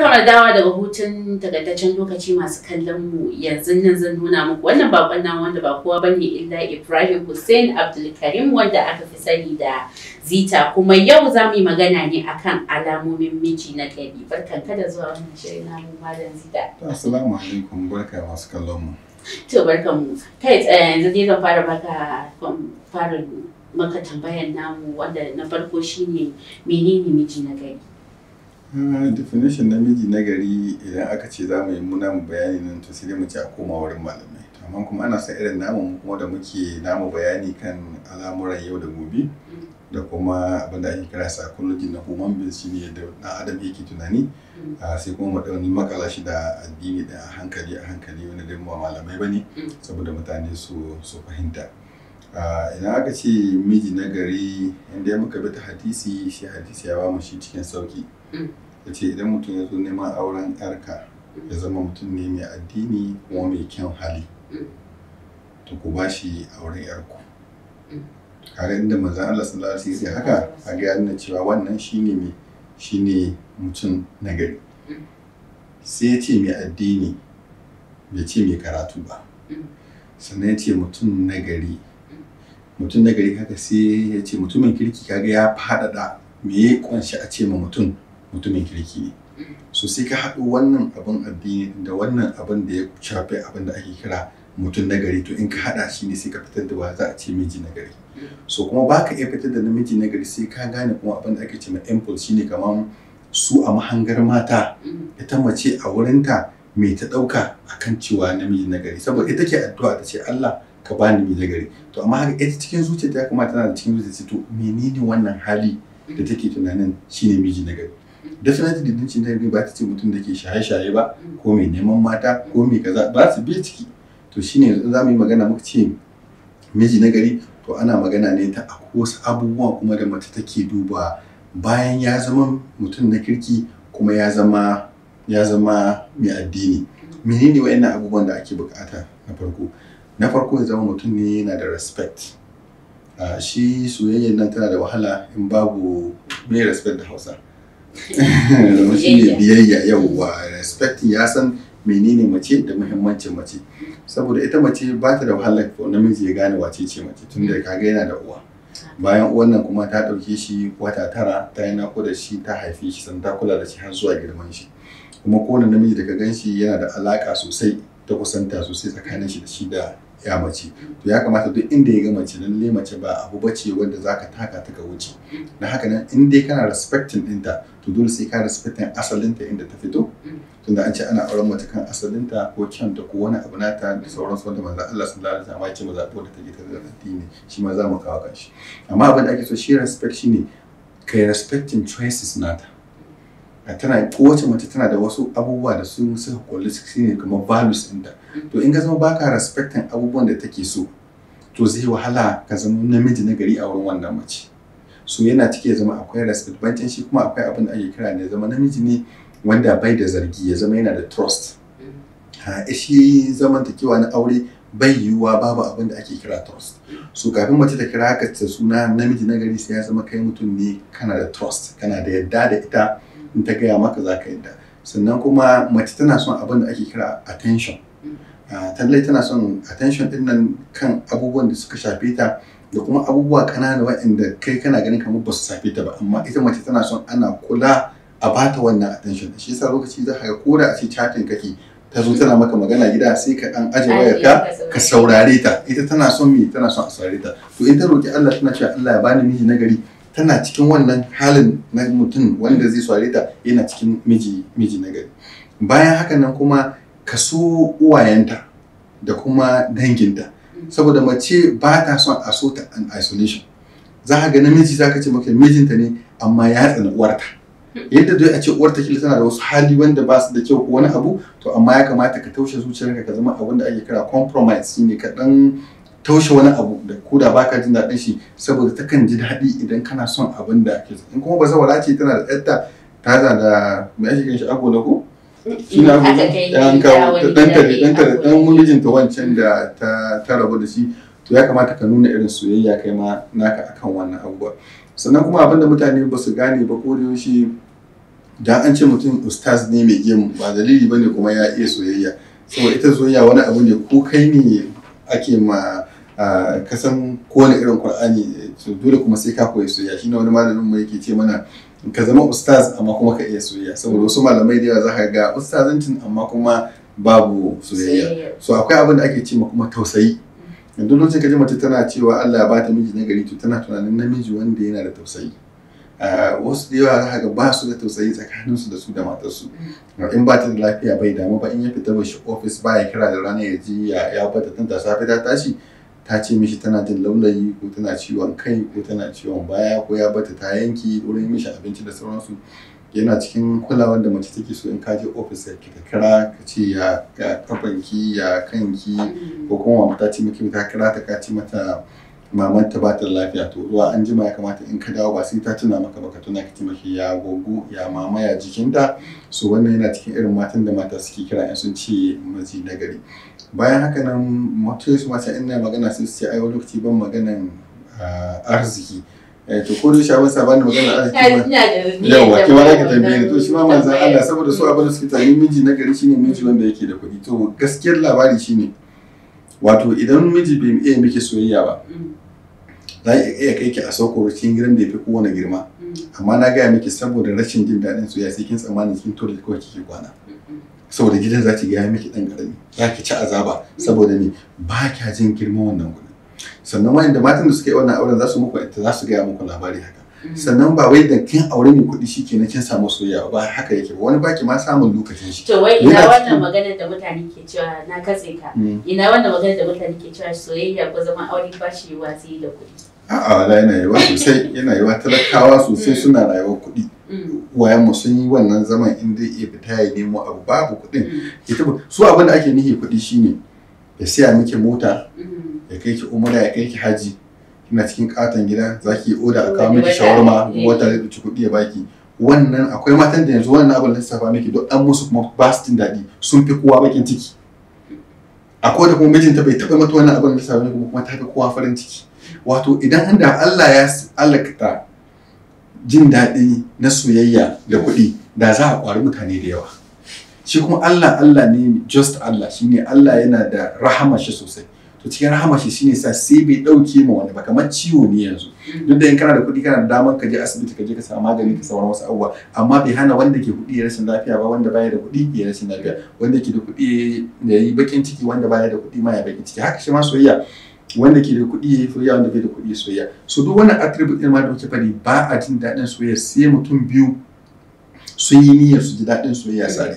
barka dawa daga hutun takaitaccen lokaci masu kallon mu yanzu nan zan nuna muku wannan bakon nan wanda ba kowa bane illa Ibrahim Hussein Abdulkarim wanda aka fi sani da Zita kuma yau za mu yi magana ne akan alamomin miji na gari barkan ka da zuwa wannan shirin namu malam Zita Assalamu alaikum barka masu kallon mu to barkan mu kai eh, yanzu dai zan fara baka um, fara maka tambayar namu wanda na farko shine menene miji na gari definition namiji na gari idan aka ce za mu yi muna mu bayani nan to sai mu ci a koma wurin malamai amma kuma ana son irin namu kuma da muke namu bayani kan al'amuran yau da gobe da kuma abin da ake kira psychology na human beings shine yadda dan adam yake tunani sai kuma mu dauni makala shi da addini da hankali a hankali wani dai ba malamai bane saboda mutane su su fahimta idan aka ce miji na gari inda muka bi ta hadisi shi hadisi ya ba mu shi cikin sauki ya ce idan mutum ya zo neman auren yarka ya zama mutum ne mai addini kuma mai kyan hali to ku ba shi auren yarku kare inda mazan Allah sallallahu yi wasallam haka a ga yana cewa wannan shi ne shine mutum nagari sai ya ce mai addini bai ce mai karatu ba sannan ya ce mutum nagari mutum nagari haka sai ya ce mutumin kirki kaga ya faɗaɗa me ya ƙunshi a ce ma mutum mutumin kirki ne mm. so sai ka haɗu wannan abin addini da wannan abin da ya shafi abin da ake kira mutum nagari to in ka haɗa shi ne sai ka fitar da wa za a ce miji nagari mm. so kuma baka iya fitar da namiji nagari sai ka gane kuma abin da ake ce ma shi ne kamar su a mahangar mata mm. ita mace a wurinta me ta ɗauka a kan cewa namiji nagari saboda ita ke addu'a ta ce Allah ka ba ni nagari to amma haka ita cikin zuciya ta kamata tana da cikin zuciya to menene wannan hali da take tunanin shine miji nagari definitely din cin tarbiyya ba ta ce mutum da ke shaye-shaye ba ko mai neman mata ko mai kaza ba su biya ciki to shine yanzu za mu yi magana muka ce miji na gari to ana magana ne ta wasu abubuwa kuma da mace take duba bayan ya zama mutum na kirki kuma ya zama ya zama mai addini menene wayannan abubuwan da ake bukata na farko na farko ya zama mutum ne yana da respect ah, shi soyayyar nan tana da wahala in babu mai respect da hausa zama shi ne biyayya yauwa respecting ya san menene mace da muhimmancin mace saboda ita mace ba ta da wahalar ko namiji ya gane wace ce mace tun da kaga yana da uwa bayan uwan nan kuma ta ɗauke shi wata tara ta yi naƙuda shi ta haife shi san ta kula da shi har zuwa girman shi kuma kowane namiji da ka gan shi yana da alaƙa sosai ta kusanta sosai tsakanin shi da shi da ya mace to ya kamata duk inda ya ga mace nan le mace ba abu bace wanda zaka taka ta ga wuce na haka nan in dai kana respecting ɗinta to dole sai ka respecting asalinta inda ta fito tunda an ce ana auren mace kan asalinta ko kyan ta ko wani abu na ta da sauran su wanda manzo Allah sallallahu alaihi wasallam ya ce maza ko ta take ta da addini shi ma za mu kawo kanshi amma abin da ake so shi respect shine kai respecting choices nata tana kowace mace tana da wasu abubuwa da su suka kulli su ne kamar values ɗinta mm. to in ka zama baka respecting abubuwan da take so to zai wahala ka zama namiji na gari a wurin wannan mace so yana cike zama akwai respect bancin shi kuma akwai abin da ake kira ne zama namiji ne wanda bai da zargi ya zama yana da trust mm. ha eh, shi zamantakewa na aure bai yiwuwa babu abin da ake kira trust so kafin mace ta kira haka ta suna namiji na gari sai ya zama kai mutum ne kana da trust kana da yadda da ita in ta gaya maka za ka yadda sannan kuma mace tana son abin da ake kira attention tallai mm. ah, tana son attention din nan kan abubuwan da suka shafe ta da kuma abubuwa ƙanana waɗanda kai kana ganin kamar ba su shafe ta ba amma ita mace tana son ana kula a bata wannan attention shi yasa lokaci za ka ga koda a ce chatting kake ta zo tana maka magana gida sai ka dan aje wayar ka saurare ta ita tana son me tana son a saurare ta to in ta roki Allah tana cewa Allah ya bani miji nagari tana cikin wannan halin na mutum wanda zai sware ta yana cikin miji miji na gari bayan haka nan kuma kaso uwayenta da kuma danginta saboda mace ba ta son a so ta an isolation za ka ga namiji za ka ce maka mijinta ne amma ya tsana uwarta yadda dai a ce uwarta ta tana da wasu hali wanda ba su da kyau ko wani abu to amma ya kamata ka taushe zuciyarka ka zama abin da ake kira compromise shine ka dan taushe wani abu da ko da baka jin daɗin shi saboda takan ji daɗi idan kana son abin da ake so in kuma bazawara ce tana da ƴarta tana da me ake kan shi ago na ko shi na ago ɗan kawo ɗanta da ɗanta da ɗan mijinta wancan da ta rabu da shi to ya kamata ka nuna irin soyayya kai ma naka akan wannan abubuwa sannan kuma abinda mutane ba su gane ba ko da yaushe da an ce mutum ustaz ne mai gemu ba dalili bane kuma ya iya soyayya saboda ita soyayya wani abu ne ko kai ne ake ma ka san kowane irin Qur'ani to dole kuma sai ka koyi soyayya shine wani malamin mu yake ce mana ka zama ustaz amma kuma ka iya soyayya saboda wasu malamai da yawa za ka ga ustazancin amma kuma babu soyayya so akwai abin da ake ce ma kuma tausayi duk lokacin ka ji mace tana cewa Allah ya ba miji na gari to tana tunanin namiji wanda yana da tausayi wasu da yawa za ga ba su da tausayi tsakanin su da su da matarsu mm. in ba ta da lafiya bai damu ba in ya fita ba shi ofis ba ya kira da rana ya ji ya bata da safe ta tashi ta ce mishi tana jin laulayi ko tana ciwon kai ko tana ciwon baya ko ya bata ta yanki wurin mishi abinci da sauransu yana cikin kulawar da mace take so in ka je ofis ka kira ka ce ya kafanki ya kanki ko kuma ta ce miki ta kira ta ka ce mata maman ta ba lafiya to ruwa an jima ya kamata in ka dawo ba sai ta tuna maka baka tuna ka taimaki ya gogo ya mama ya jikinta so wannan yana cikin irin matan da mata suke kira in sun ci maji na gari bayan haka nan mata su mata ina magana su ce ai wani lokaci ban maganan ah, arziki eh, to ko da shawar sabani magana arziki ba yawa ke ma ka tambaye ni to shi ma manzan Allah saboda su abin da suke tani miji na gari shine miji wanda yake da kuɗi to gaskiyar labari shine wato idan miji bai iya miki soyayya ba mm. za a iya kai ki a sauko cikin girin da ya fi kowane girma mm. amma na gaya miki saboda rashin jin daɗin soyayya sai kin tsammanin kin toilet kawai kike kwana saboda gidan za ki gaya miki ɗan ƙarami za ki ci azaba mm. saboda ni ba kya jin girma wannan kuɗi sannan wayan da matan da suka yi wannan auren za su muku za su gaya muku labari haka sannan ba wai da kin aure ni kuɗi shi ke na kin samu soyayya ba haka yake ba wani baki ma samun lokacin shi to wai ina wannan maganar da mutane ke cewa na katse ka mm. ina wannan maganar da mutane ke cewa soyayya ko zaman aure ba shi yi sai da kuɗi a'a wala yana yiwa sosai yana yiwa talakawa sosai mm. suna rayuwar kuɗi mm. wayan mu sun yi wannan zaman in dai iya fita ya nemo abu babu kuɗin ita su abin da ake nihi kuɗi shine ya siya miki mota ya kai ki umara ya kai ki haji kina cikin katon gida za ki oda a kawo miki shawarma wata da ci kuɗi ya baki wannan akwai matan da yanzu wannan abin safa miki duk an musu kuma ba su daɗi sun fi kowa bakin ciki akwai da kuma mijinta bai taɓa mata wannan abin safa miki kuma ta fi kowa farin ciki wato idan an da Allah ya allakta jin daɗi na soyayya da kuɗi da za a ƙwari mutane da yawa shi kuma Allah Allah ne just Allah shine Allah yana da rahama shi sosai to cikin rahama shi shine sa sai bai dauke ma wani ba kamar ciwo ne yanzu duk da in kana da kuɗi kana da damar ka je asibiti ka je ka samu magani ka sauran wasu abubuwa amma bai hana wanda ke kuɗi ya rashin lafiya ba wanda baya da kuɗi ya rashin lafiya wanda ke da kuɗi ya yi bakin ciki wanda baya da kuɗi ma ya bakin ciki haka shi ma soyayya wanda ke da kuɗi ya yi soyayya wanda bai da kuɗi soyayya so duk wannan attribute ma da kuke faɗi ba a jin daɗin soyayya sai mutum biyu sun yi niyyar su ji daɗin soyayya sare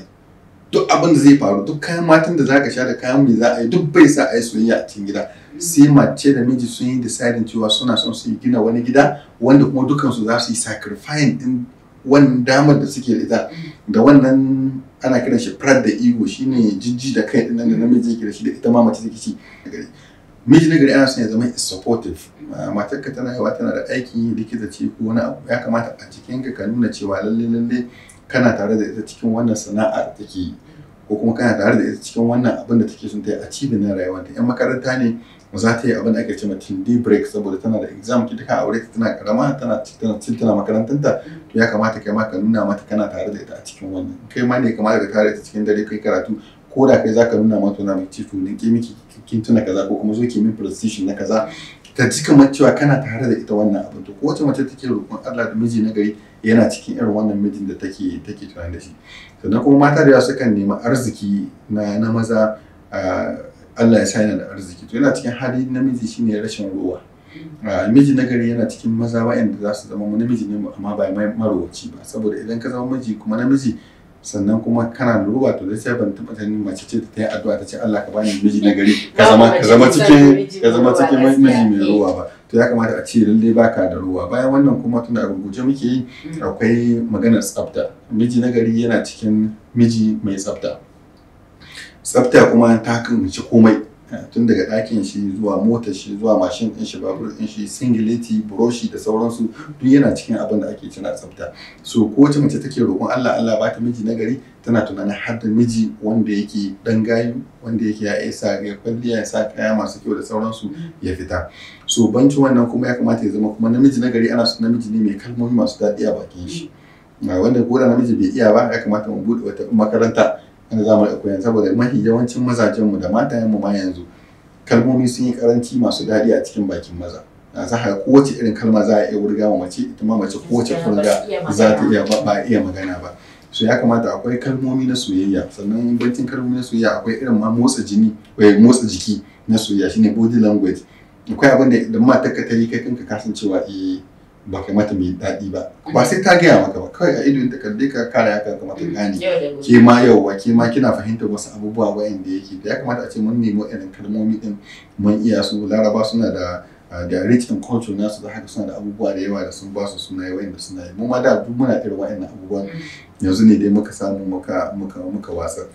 duk abin da zai faru duk kayan matan da zaka sha da kayan mai za a yi duk bai sa a yi soyayya a cikin gida sai mace da miji sun yi deciding cewa suna son su gina wani gida wanda kuma dukansu za su yi sacrifice din wannan damar da suke da da wannan ana kiran shi pride da ego shine jijji da kai din da namiji yake da shi da ita ma mace take ci gari miji na gari ana son ya zama is supportive ah, matar ka tana yawa tana da aiki likita ce ko wani abu ya kamata a cikin ka ka nuna cewa lalle lalle kana tare da ita cikin wannan sana'a da take yi ko kuma kana tare da ita cikin wannan abin da take son ta yi a cibin na rayuwanta yan makaranta ne za ta yi abin da ake cewa de break saboda tana da exam ki duka aure ta tana karama tana tana tana makarantanta to ya kamata kai ma ka nuna mata kana tare da ita a cikin wannan kai ma ne kamata ka tare da cikin dare kai karatu ko da kai zaka nuna mata na miki to ne ke miki kin tuna kaza ko kuma zo ki min precision na kaza ta cika cewa kana tare da ita wannan abin to kowace mace take roƙon Allah da miji na gari yana cikin irin wannan mijin da take take tunani da shi sannan kuma mata da yawa sukan nemi arziki na na maza Allah ya sa da arziki to yana cikin hali miji shine rashin ruwa miji na gari yana cikin maza wa'anda za su zama namiji ne amma ba marowaci ba saboda idan ka zama miji kuma namiji sannan kuma kana ruwa to da sai ban taba tani mace ce ta yi addu'a ta ce Allah ka bani miji na gari ka zama ka zama cikin ka zama cikin miji mai ruwa ba to ya kamata a ce lalle baka da ruwa bayan wannan kuma tunda a rubuce muke yi mm. akwai maganar tsafta miji na gari yana cikin miji mai tsafta tsafta kuma ta kan komai tun daga ɗakin shi zuwa mota shi zuwa mashin ɗin shi babur ɗin shi singileti buroshi da sauransu duk yana cikin abin da ake cina tsafta so ko wace mace take roƙon Allah Allah ba ta miji na gari tana tunanin har da miji wanda yake dan gayu wanda yake ya isa ga kwalliya ya sa kaya masu kyau da sauransu ya fita so banci wannan kuma ya kamata ya zama kuma namiji na gari ana so namiji ne mai kalmomi masu daɗi a bakin shi wanda ko da namiji bai iya ba ya kamata mu buɗe wata makaranta inda za mu saboda mafi yawancin mazajenmu da matayen mu ma yanzu kalmomi sun yi karanci masu daɗi a cikin bakin maza za ka kowace irin kalma za a iya wurga ma mace ita ma mace kowace furga za ta iya ba iya magana ba so ya kamata akwai kalmomi na soyayya sannan bancin kalmomi na soyayya akwai irin ma motsa jini eh, motsa jiki na soyayya shine body language akwai abin da idan ma ta ka kai kanka kasancewa eh ba mata mai daɗi ba ba sai ta gaya maka ba kawai a idon ta kalle ka kare haka ta gani ke ma wa ke ma kina fahimtar wasu abubuwa wa'anda yake da ya kamata a ce mun nemi irin kalmomi din mun iya su laraba suna da ah, da rich in culture nasu da haka suna da abubuwa da yawa da sun ba su suna yi wa'anda suna yi mu ma da duk muna irin wa'annan abubuwan mm. yanzu ne dai muka samu muka muka muka wasa